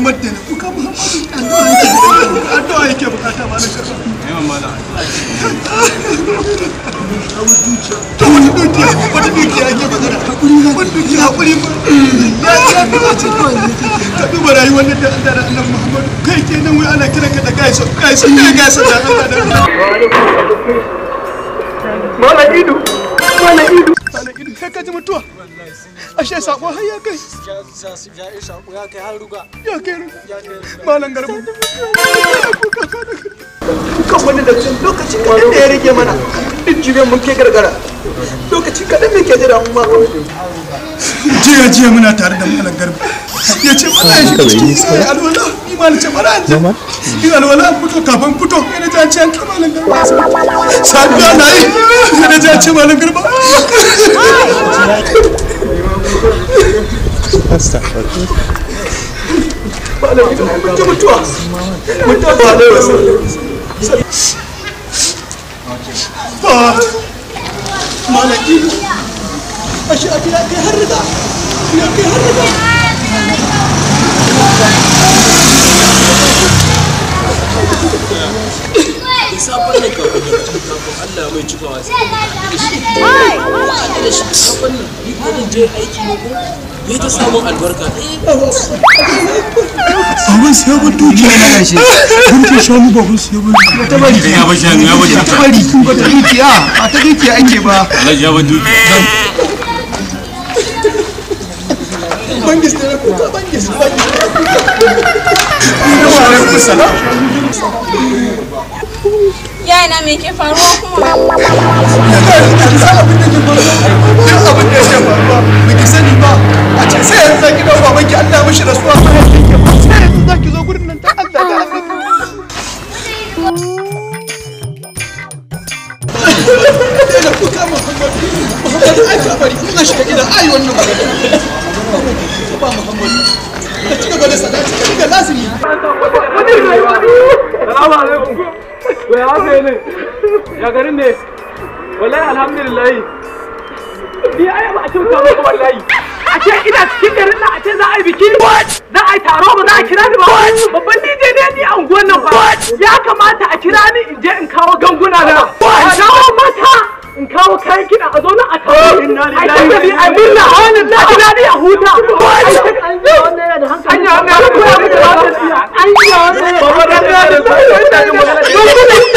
muhammad da na kuka muhammad addu'a yake bukata ba na karfa ta wani wani yake magana wani hakuri ma ya ya duba ce ka duba rayuwar da muhammad kai kenan wai ana kira ka da gaisa gaisa da gaisa da allah da allah idu idu mutanen irin kai kaji ji mutuwa ashe sako har ya kai ya kai ruga ya kai malam garba kan wani da cin lokaci kaɗan da ya rage mana duk jibe mun ke gargara lokaci kaɗan mai ke jira mun ma kawai jiya jiya muna tare da malam garba ya ce mana ya shiga cikin sai alwala ni ma ce mana an jama ni alwala an fito kafin fito ya ce an kama malam garba sabiya na yi ya ce malam garba استغفر فهد مالك أشياء كذا كهردا كذا da shi kafin yi je aiki ne ko ta samun albarka abin sai abin ne na shi kun ce shanu ba kun sai abin ta bari ya ba shanu ya ba shanu ta bari ba ta a ba ta ake ba ya ba na mishi rasuwa ba ya kike ba sai yanzu zaki nan ta Allah ta Allah ka da sadaki ka riga lazimi Assalamu alaikum to ya ne ya ne wallahi alhamdulillah a kyauta maka wallahi cikin garin nan a ce za a yi ni in je in kawo ganguna na a dawo mata in kawo kayan kiɗa a zo na a kawo a tattali a a wani a huta an yi da da hankali